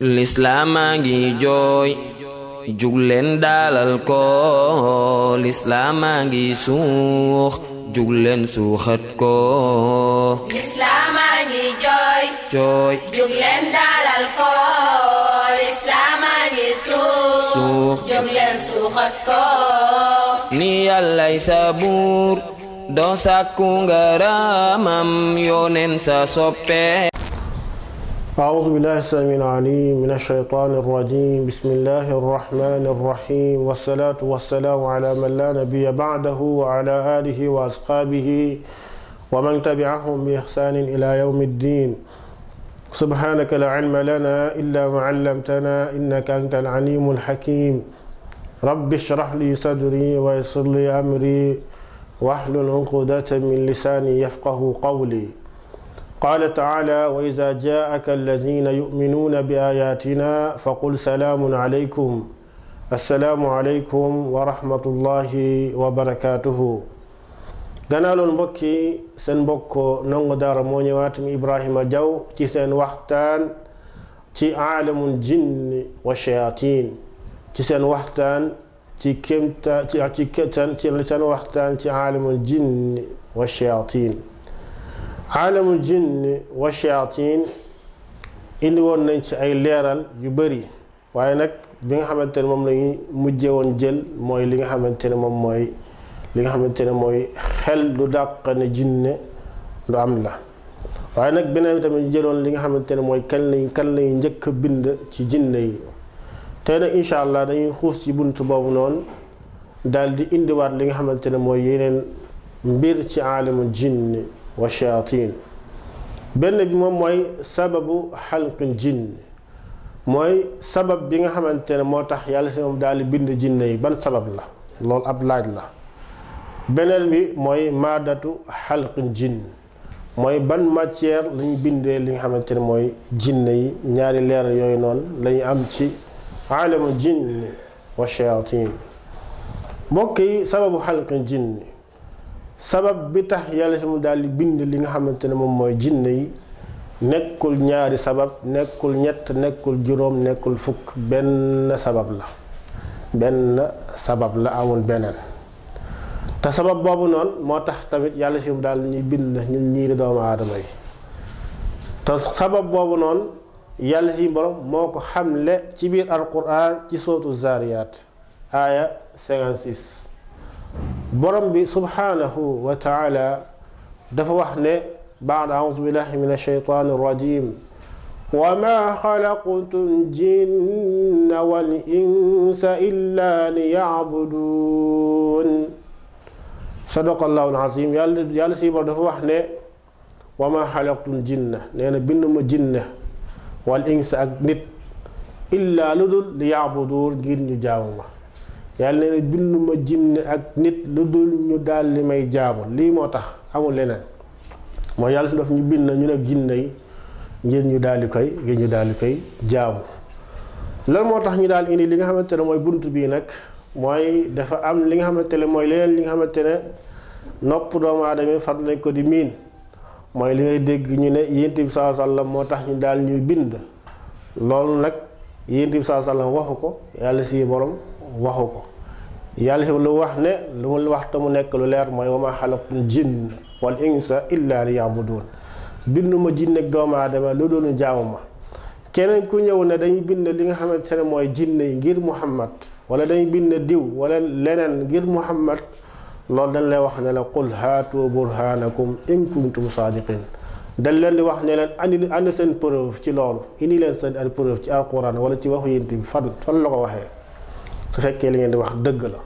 lislaamaa ngi jooy jugleen daalal ko lislaamaa ngi suux jugleen suuxat ko lislaamaa ngi ni yàllay sa buur doo sàkku yooneen sa soppe أعوذ بالله السميع العليم من الشيطان الرجيم بسم الله الرحمن الرحيم والصلاة والسلام على من لا نبي بعده وعلى آله وأصحابه ومن تبعهم بإحسان إلى يوم الدين سبحانك لا علم لنا إلا ما علمتنا إنك أنت العليم الحكيم رب اشرح لي صدري ويسر لي أمري واحلل عقدة من لساني يفقه قولي qaala taala wa ida jaaka allazina yuminuuna bi ayatina faqul salaamun aleykum assalaamu aleykum wa rahmatullahi wa barakaatuhu ganaa loon mbokki seen mbokk nangu daara moo ñëwaatam Ibrahima Diaw ci seen waxtaan ci aalamul jinni wa shayatin ci seen waxtaan ci kémta ci ci seen waxtaan ci aalamul jinni wa shayatin aalamul jinni wa shayatin indi woon nañ ci ay leeral yu bëri waaye nag bi nga xamante ne moom lañuy mujje woon jël mooy li nga xamante ne moom mooy li nga xamante ne mooy xel du dàq ne jinne lu am la waaye nag beneen bi tamit jëloon li nga xamante ne mooy kan lañ kan lay njëkk a bind ci jinne yi tey nag incha allah dañuy xuus ci bunt boobu noonu daal di indiwaat li nga xamante ne mooy yeneen mbir ci aalamul jinni wa shayatin benn bi moom mooy sababu xalqil jinn mooy sabab bi nga xamante ne moo tax yàlla si moom daal di bind jinne yi ban sabab la loolu ab laaj la beneen bi mooy maadatu xalqil jinn mooy ban matière lañu bindee li nga xamante ne mooy jinne yi ñaari leer yooyu noonu lañu am ci aalamu jinn wa shayatin yi sababu xalqil jinn sabab bi tax yàlla si mu daal di bind li nga xamante ne moom mooy jinne yi nekkul ñaari sabab nekkul ñett nekkul juróom nekkul fukk benn sabab la benn sabab la amul beneen te sabab boobu noon moo tax tamit yàlla si mu daal ñuy bind ñun ñii di doomu aadama yi te sabab boobu noon yàlla si borom moo ko xamle ci biir alquran ci sootu zaariyaat aaya borom bi subhaanahu wa taala dafa wax ne baad audu billahi min alsheytaani arrajim wa ma xalaqtu ljinna wal insa illa liyacbuduun sadaqa allahu alazim yàlla yàlla si borom dafa wax ne wa ma xalaqtu ljinna nee na bind ma jinne wal insa ak nit illa lu dul liyacbuduun ngir ñu jaamu ma yàlla nee na binduma jinne ak nit lu dul ñu daal li may jaamu lii moo tax amul leneen mooy yàlla su def ñu bind na ñu ne jinne yi ngir ñu daal di koy ngir ñu daal di koy jaamu lan moo tax ñu daal indi li nga xamante ne mooy bunt bii nag mooy dafa am li nga xamante ne mooy leneen li nga xamante ne nopp doomu aadama far nañ ko di miin mooy li ngay dégg ñu ne yént bi saa sallam moo tax ñu daal ñuy bind loolu nag yént bi saa sallam waxu ko yàlla si borom waxu ko yàlla si lu wax ne lu mu wax mu nekk lu leer mooy wa ma xalaqtul jinn wal insa illa li yabudun binduma jinn ak doomu aadama lu doonu jaamu ma keneen ku ñëw ne dañuy bind li nga xamante ne mooy jinn yi ngir muhammad wala dañuy bind diw wala leneen ngir muhammad loolu dañ lay wax ne la qul haatu burhanakum in kuntum saadiqin dañ leen di wax ne leen andi andi seen preuve ci loolu indi leen seen ay preuve ci alquran wala ci waxu yént bi fan fan la ko waxee su fekkee li ngeen di wax dëgg la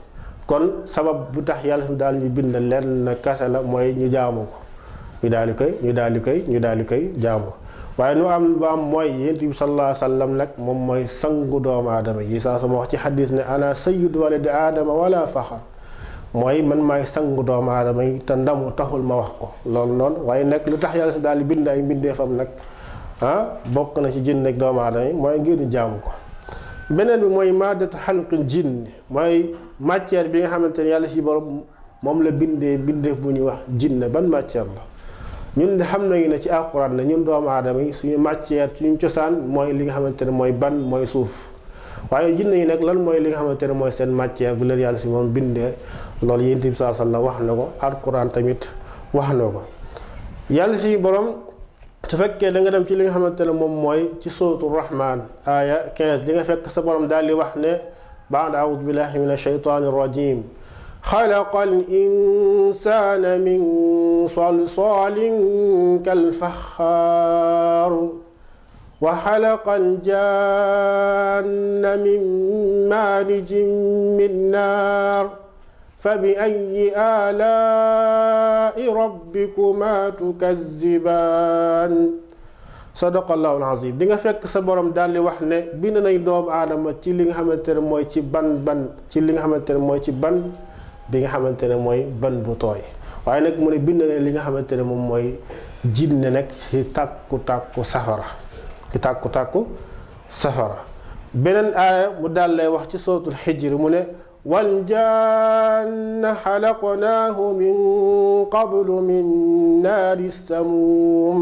kon sabab bu tax yàlla suñu daal ñu bind lenn kase la mooy ñu jaamu ko ñu daal koy ñu daal di koy ñu daal di koy jaamu waaye nu am ba am mooy yonent bi sallallahu alayhi nag moom mooy sangu doomu aadama yi saa sama wax ci xaddis ne ana sayyidu waladi aadama wala faxar mooy man maay sangu doomu aadama yi te ndamu taxul ma wax ko loolu lool waaye nag lu tax yàlla suñu daal di bind ay mbindeefam nag ah bokk na ci jinn ak doomu aadama yi mooy ngir ñu jaamu ko beneen bi mooy maadatu xalqil jinn mooy matière bi nga xamante ne yàlla si borom moom la bindee bindeef bu ñuy wax jinn ban matière la ñun de xam na nañu ne ci alxuraan na ñun doomu aadama yi suñu matière suñu cosaan mooy li nga xamante ne mooy ban mooy suuf waaye jinn yi nag lan mooy li nga xamante ne mooy seen matière bu leen yàlla si moom bindee loolu yonent bi sallallahu alayhi wax na ko alxuraan tamit wax na ko yàlla si borom. su fekkee da nga dem ci li nga xamante ne moom mooy ci sóotu rahman aaya 15 li nga fekk sa borom daal di wax ne baad aoudu billahi min ashaytaani rajim xalaqa al insana min salsalin kalfaxaar wa xalaqa al janna min maarijin min naar fa bi فبأي آلاء ربكما تكذبان sadaqallaahu al-aziim di nga fekk sa borom daal di wax ne bind nañ doomu aadama ci li nga xamante ne mooy ci ban ban ci li nga xamante ne mooy ci ban bi nga xamante ne mooy ban bu tooy waaye nag mu ne bind ne li nga xamante ne moom mooy jinne nag si tàkku tàkku safara ci tàkku safara beneen aaya mu daal lay wax ci sootu xijir mu ne والجان خلقناه من قبل من نار السموم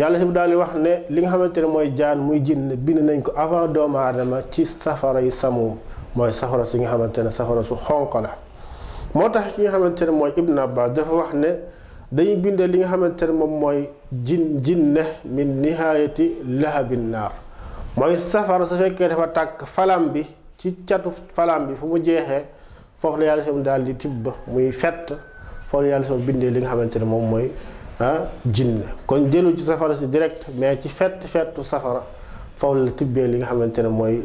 yàlla si bu daal di wax ne li nga xamante ne mooy jaan muy jinn bind nañ ko avant doomu aadama ci safara yi samuum mooy safara si nga xamante ne safara su xonq la moo tax ki nga xamante ne mooy Ibn Abbas dafa wax ne dañuy bind li nga xamante ne moom mooy jin jinne min nihaayati lahabin naar mooy safara su fekkee dafa tàkk falam bi ci catu falaam bi fu mu jeexee foofu la yàlla soom daal di tibb muy fett foofu la yàlla soom bindee li nga xamante ne moom mooy ah jinne kon jëlu ci safara si direct mais ci fett fettu safara foofu la tibbee li nga xamante ne mooy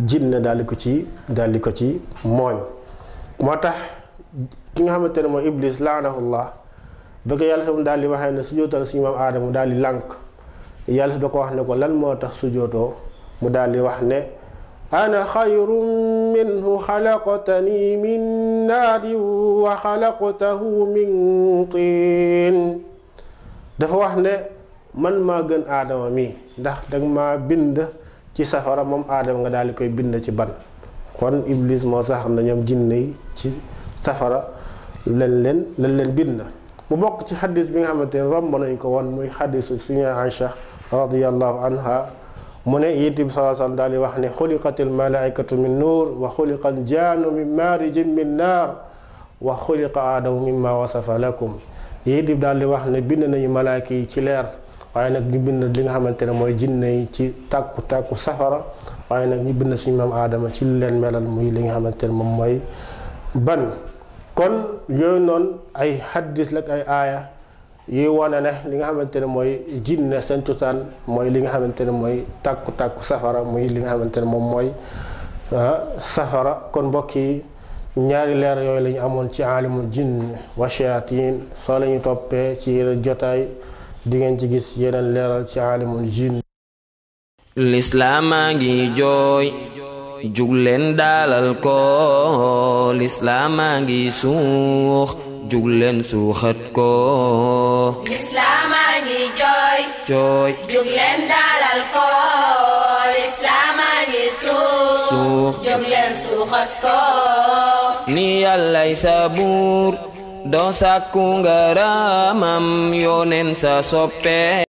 jinne daal di ko ci daal di ko ci mooñ moo tax ki nga xamante ne mooy iblis laanahullah ba ko yàlla soom daal di waxee ne sujootal suñu maam aadama daal di lànk yàlla si da ko wax ne ko lan moo tax sujootoo mu daal di wax ne أنا خير منه خلقتني من نار وخلقته من طين dafa wax ne man maa gën aadama mi ndax danga maa bind ci safara moom aadama nga daal di koy bind ci ban kon Iblis moo sax xam ne ñoom jinne yi ci safara lan leen lan leen bind mu bokk ci xadis bi nga xamante ne romb nañ ko woon muy xadisu suñu Aïcha radiyallahu anha mu ne yonent bi sallallahu alayhi daal di wax ne xuliqatil malaaikatu min nuur wa xuliqal jaanu min maarijin min naar wa xuliqa aadamu mimma wasafa lakum yonent bi daal di wax ne bind nañu malaayka yi ci leer waaye nag ñu bind li nga xamante ne mooy jinne yi ci tàkku tàkku safara waaye nag ñu bind suñu maam aadama ci li leen melal muy li nga xamante ne moom mooy ban kon yooyu noonu ay xaddis lak ay aaya yuy wane ne li nga xamante ne mooy jinne seen cosaan mooy li nga xamante ne mooy tàkku tàkku safara muy li nga xamante ne moom mooy ah, safara kon mbokk yi ñaari leer yooyu la amoon ci aalimu jinn wa shayatin soo la toppee ci jotaay di ngeen ci gis yeneen leeral ci aalimu jinn lislaamaa ngi jooy jug leen daalal ko lislaamaa ngi suux jug leen suuxat ko ni yàllay sa buur doo sàkku ngaramam yoneen sa soppe